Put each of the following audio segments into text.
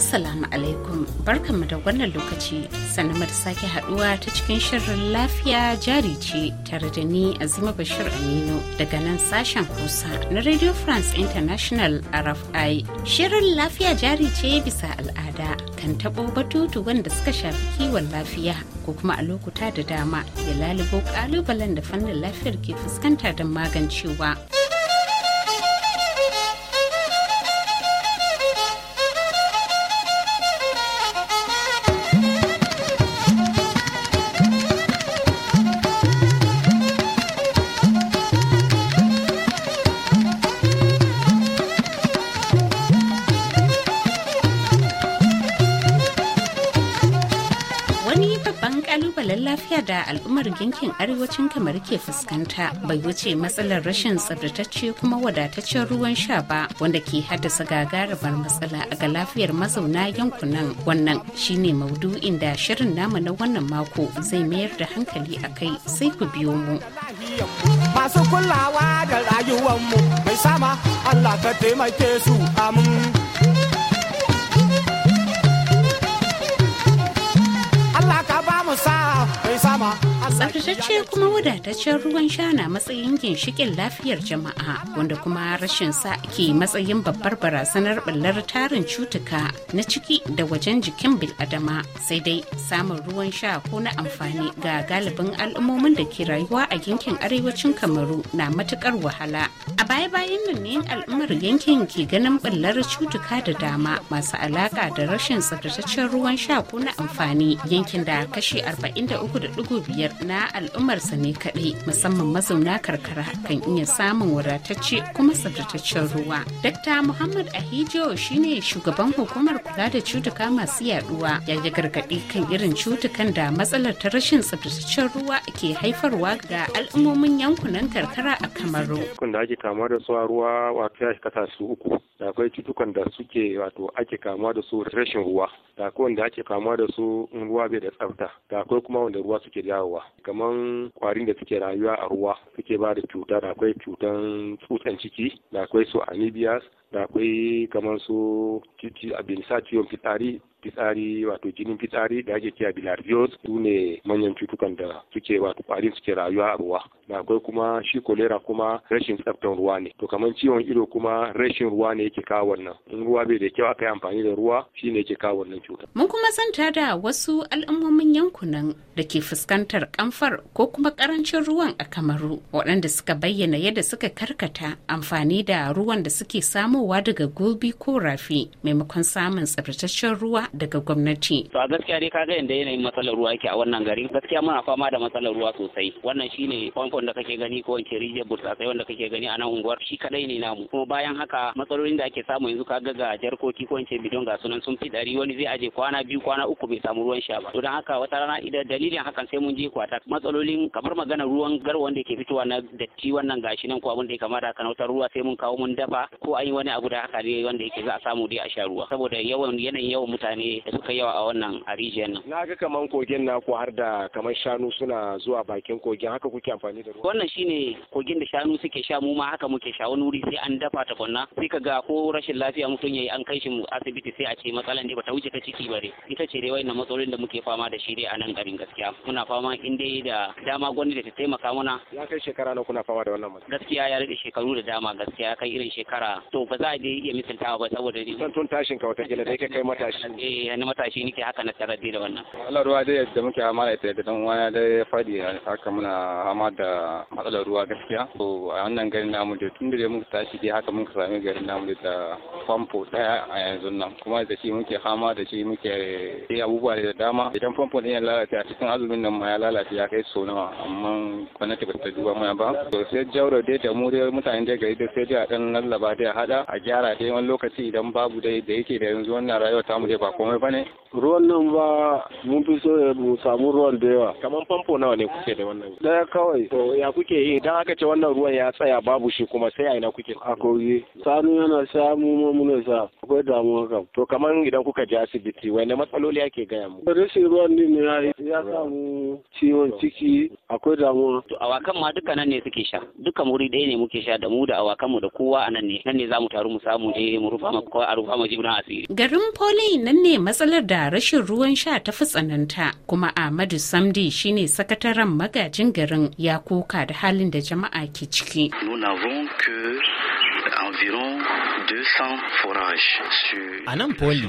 Assalamu alaikum barkanmu da wannan lokaci sanamar sake haduwa ta cikin shirin lafiya jari ce tare da ni azima bashir aminu daga nan sashen hausa na radio france international rfi shirin lafiya jari ce bisa al'ada kan taɓo batutu wanda suka shafi kiwon lafiya ko kuma a lokuta da dama ya lalubo ƙalubalen da fannin lafiyar ke fuskanta don magancewa. matsalar lafiya da al'ummar yankin arewacin kamar ke fuskanta bai wuce matsalar rashin tsabtatacce kuma wadataccen ruwan sha ba wanda ke haddasa gagarumar matsala ga lafiyar mazauna yankunan wannan shine maudu'in da shirin namu na wannan mako zai mayar da hankali a kai sai ku biyo mu masu kulawa da rayuwar mu mai sama Allah ka taimake su amin Tsaftatacce kuma wadataccen ruwan sha na matsayin ginshikin lafiyar jama'a wanda kuma rashin sa ke matsayin babbar barazanar ɓullar tarin cutuka na ciki da wajen jikin biladama sai dai samun ruwan sha ko na amfani ga galibin al'ummomin da ke rayuwa a yankin arewacin kamaru na matukar wahala. A baya-bayan nan ne al'ummar yankin ke ganin ɓullar cutuka da dama masu alaka da rashin tsabtataccen ruwan sha ko na amfani yankin da kashi 43.5 na al'ummarsa ne kaɗai musamman mazauna karkara kan iya samun wadatacce kuma tsabtataccen ruwa. Dakta Muhammad Ahijo shine shugaban hukumar kula da cutuka masu yaduwa ya yi gargaɗi kan irin cutukan da matsalar ta rashin tsabtataccen ruwa ke haifarwa ga al'ummomin yankunan karkara a Kamaru. Kun da ake kama da ruwa wato ya shiga su uku. da akwai cutukan da suke wato ake kamuwa da su rashin ruwa da akwai wanda ake kamuwa da su in ruwa bai da tsafta da akwai kuma wanda ruwa suke jawowa Kamar kwarin da suke rayuwa a ruwa suke ba da cuta da akwai cutan tsutsan ciki da akwai su anibias da akwai kamar su cici abin sa ciwon fitsari fitsari wato jinin fitsari da ake kira bilharzios su ne manyan cutukan da suke wato kwarin suke rayuwa a ruwa da akwai kuma shi kolera kuma rashin tsaftan ruwa ne to kamar ciwon ido kuma rashin ruwa ne yake kawo wannan in ruwa bai da kyau aka yi amfani da ruwa shi ne yake kawo wannan cuta. mun kuma san da wasu al'ummomin yankunan da ke fuskantar kamfar ko kuma karancin ruwan a kamaru waɗanda suka bayyana yadda suka karkata amfani da ruwan da suke samu fitowa daga gulbi ko rafi maimakon samun tsabtataccen ruwa daga gwamnati. To a gaskiya dai ga yanda yanayin matsalar ruwa yake a wannan gari gaskiya muna fama da matsalar ruwa sosai wannan shine famfon da kake gani ko wace rijiyar burtsatsai wanda kake gani a nan unguwar shi kadai ne namu kuma bayan haka matsalolin da ake samu yanzu ka ga jarkoki ko wace bidon ga sunan sun fi dari wani zai aje kwana biyu kwana uku bai samu ruwan sha ba to don haka wata rana idan dalilin hakan sai mun je kwata matsalolin kamar magana ruwan garwa wanda ke fitowa na datti wannan gashi nan ko abin da ya kamata haka ruwa sai mun kawo mun dafa ko an yi wani abu da haka dai wanda yake za a samu dai a sha ruwa saboda yawan yanayin yawan mutane da suka yawa a wannan a region nan na ga kaman kogin naku har da kamar shanu suna zuwa bakin kogin haka kuke amfani da ruwa wannan shine kogin da shanu suke sha mu ma haka muke sha wani wuri sai an dafa ta kunna sai ka ga ko rashin lafiya mutum yayi an kai shi asibiti sai a ce matsalan dai bata wuce ta ciki bare ita ce dai wayannan matsalolin da muke fama da shi dai a nan garin gaskiya muna fama in dai da dama gwamnati ta taimaka mana ya kai shekara na kuna fama da wannan matsala gaskiya ya rike shekaru da dama gaskiya ya kai irin shekara to ba za a je iya misalta ba saboda ni. San tun tashin ka wata watakila dai kai matashi. Eh ni matashi nake haka na tarar da wannan. Allah ruwa dai yadda muke amana ita da dan uwana dai ya fadi haka muna amma da matsalar ruwa gaskiya. To a wannan garin namu da tun da dai muka tashi dai haka muka sami garin namu da famfo daya a yanzu nan kuma da shi muke hama da shi muke yi abubuwa da dama idan famfo ɗin ya lalace a cikin azumin nan ma ya lalace ya kai so nawa amma gwamnati ba ta duba mana ba to sai jauro dai da mu dai mutane dai gari da sai dai a ɗan lallaba dai a haɗa a gyara dai wani lokaci idan babu dai da yake da yanzu wannan rayuwa ta mu dai ba komai bane ruwan nan ba mun fi so mu samu ruwan da yawa kamar famfo nawa ne kuke da wannan daya kawai to ya kuke yi idan aka ce wannan ruwan ya tsaya babu shi kuma sai a ina kuke a kogi sanu yana sha mu mun sha akwai damuwa kam to kamar idan kuka je asibiti wani matsaloli yake gaya mu rashin ruwan din ne ya samu ciwon ciki akwai damuwa to awakan ma duka nan ne suke sha duka muri ɗaya ne muke sha da mu da awakan mu da kowa a nan ne nan ne zamu taru mu samu eh mu rufa ma a rufa ma jibrin asiri garin poli nan ne matsalar da rashin ruwan sha ta fi tsananta kuma Ahmadu Samdi shine sakataren magajin garin ya koka da halin da jama'a ke ciki nous n'avons que environ A nan Poli,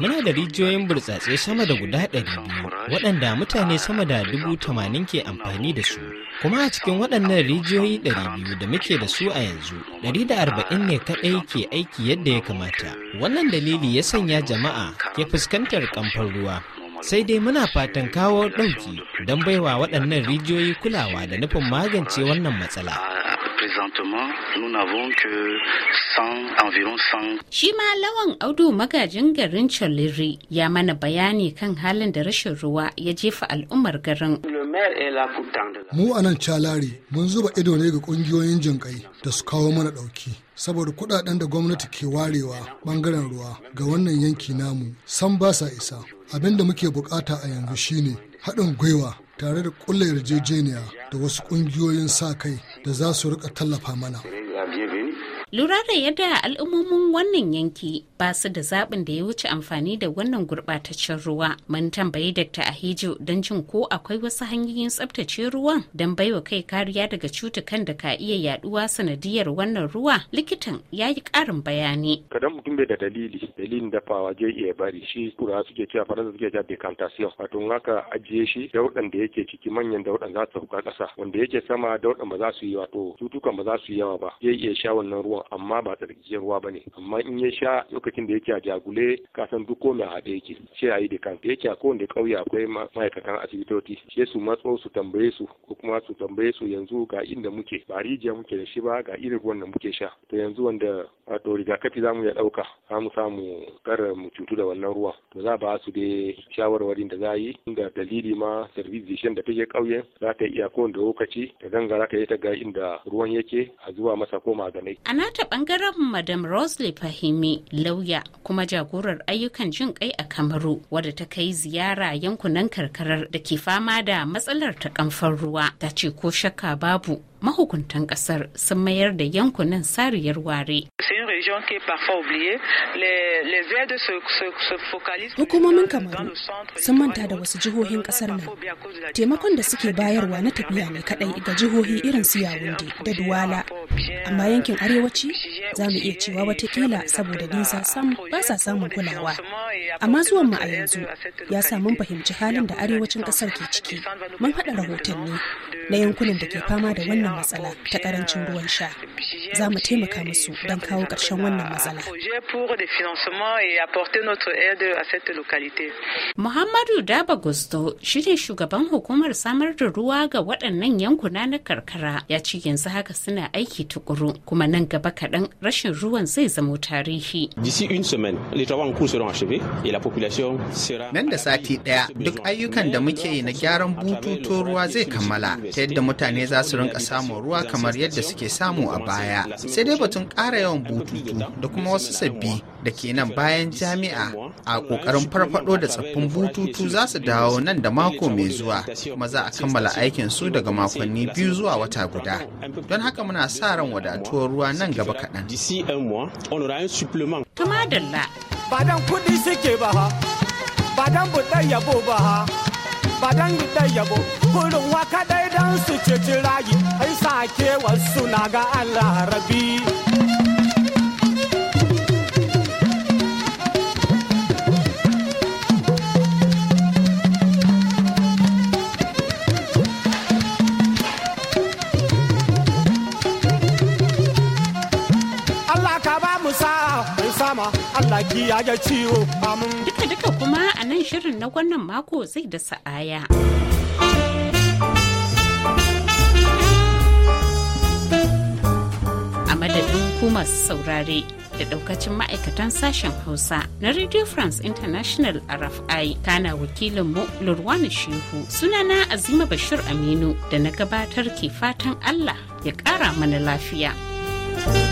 muna da rijiyoyin burtsatse sama da guda ɗari biyu waɗanda mutane sama da dubu tamanin ke amfani da su. Kuma a cikin waɗannan rijiyoyi ɗari biyu da muke da su a yanzu, ɗari da arba'in ne kaɗai ke aiki yadda ya kamata. Wannan dalili ya sanya jama'a ke fuskantar kamfan ruwa. sai dai muna fatan kawo ɗauki don baiwa waɗannan rijiyoyi kulawa da nufin magance wannan matsala. présentement, nous n'avons que 100, environ 100. Shi lawan audu magajin garin Choliri ya mana bayani kan halin da rashin ruwa ya jefa al'ummar garin. Mu a nan Calari mun zuba ido ne ga ƙungiyoyin jinƙai da su kawo mana ɗauki. Saboda kuɗaɗen da gwamnati ke warewa ɓangaren ruwa ga wannan yanki namu san ba sa isa. Abin da muke bukata a yanzu shine haɗin gwiwa tare da ƙulla yarjejeniya da wasu ƙungiyoyin sa-kai da za su rika tallafa mana. Lura da yadda al'ummomin wannan yanki ba su da zaɓin da ya wuce amfani da wannan gurɓataccen ruwa. Mun tambayi Dr. Ahijo don jin ko akwai wasu hanyoyin tsabtace ruwan don baiwa kai kariya daga cutukan da ka iya yaduwa sanadiyar wannan ruwa. Likitan ya yi ƙarin bayani. Kadan mutum bai da dalili, dalilin dafawa zai iya bari shi kura suke cewa faransa suke cewa decantation wato in aka ajiye shi daudan da yake ciki manyan daudan za su sauka ƙasa wanda yake sama daudan ba za su yi wato cutukan ba za su yi yawa ba zai iya sha wannan ruwan amma ba tsarkake ruwa ba ne amma in ya sha lokacin da yake a jagule kasan duk komai a haɗe yake ce a yi da kansa yake a kowane ƙauye akwai ma'aikatan asibitoci sai su matso su tambaye su ko kuma su tambaye su yanzu ga inda muke ba rijiya muke da shi ba ga irin ruwan da muke sha to yanzu wanda wato rigakafi za mu ya dauka za mu samu kar mu cutu da wannan ruwan to za ba su dai shawarwarin da za yi inda dalili ma service da take ƙauye za ta iya da lokaci ta za ta yi ta ga inda ruwan yake a zuwa masa ko maganai. A nata bangaren Madam rosalie Fahimi lauya kuma jagorar ayyukan jin kai a Kamaru wadda ta kai ziyara yankunan karkarar da ke fama da matsalar ta kamfan ruwa ta ce ko shakka babu mahukuntan kasar sun mayar da yankunan sariyar ware. religion qui est parfois oubliée. Les, les aides se, se, se focalisent Hukumomin Kamaru sun manta da wasu jihohin kasar nan. Taimakon da suke bayarwa na tafiya ne kadai ga jihohi irin su Yawunde da Duwala. Amma yankin arewaci za mu iya cewa watakila saboda nisa sam ba sa samun kulawa. Amma zuwan mu a yanzu ya sa mun fahimci halin da arewacin kasar ke ciki. Mun haɗa rahotanni na yankunan da ke fama da wannan matsala ta ƙarancin ruwan sha. Za mu taimaka musu don kawo ƙarshen ƙarshen wannan matsala. Muhammadu Daba Gusto shi ne shugaban hukumar samar da ruwa ga waɗannan yankuna na karkara ya ci yanzu haka suna aiki tukuru kuma nan gaba kaɗan rashin ruwan zai zamo tarihi. Nan da sati ɗaya duk ayyukan da muke yi na gyaran bututun ruwa zai kammala ta yadda mutane za su rinka samun ruwa kamar yadda suke samu a baya. Sai dai batun ƙara yawan butu da kuma wasu sabbi da ke nan bayan jami'a a ƙoƙarin farfaɗo da tsaffin bututu za su dawo nan da mako mai zuwa kuma za a kammala aikin su daga makonni biyu zuwa wata guda don haka muna sa ran wadatuwar ruwa nan gaba kaɗan. Tumadalla. Ba dan kuɗi suke ba ha, ba dan buɗar yabo ba ha, ba dan buɗar yabo, kurin waka dan su ce jirayi, ai sake wasu na ga Allah rabi. baki ya ga ciwo amin. Duka-duka kuma a nan shirin na wannan mako zai da sa'aya. A madadin hukumar masu saurare da daukacin ma'aikatan sashen Hausa na Radio France International RFI kana wakilin mu Lurwani Shehu sunana Azima Bashir Aminu da na gabatar ke fatan Allah ya kara mana lafiya. thank you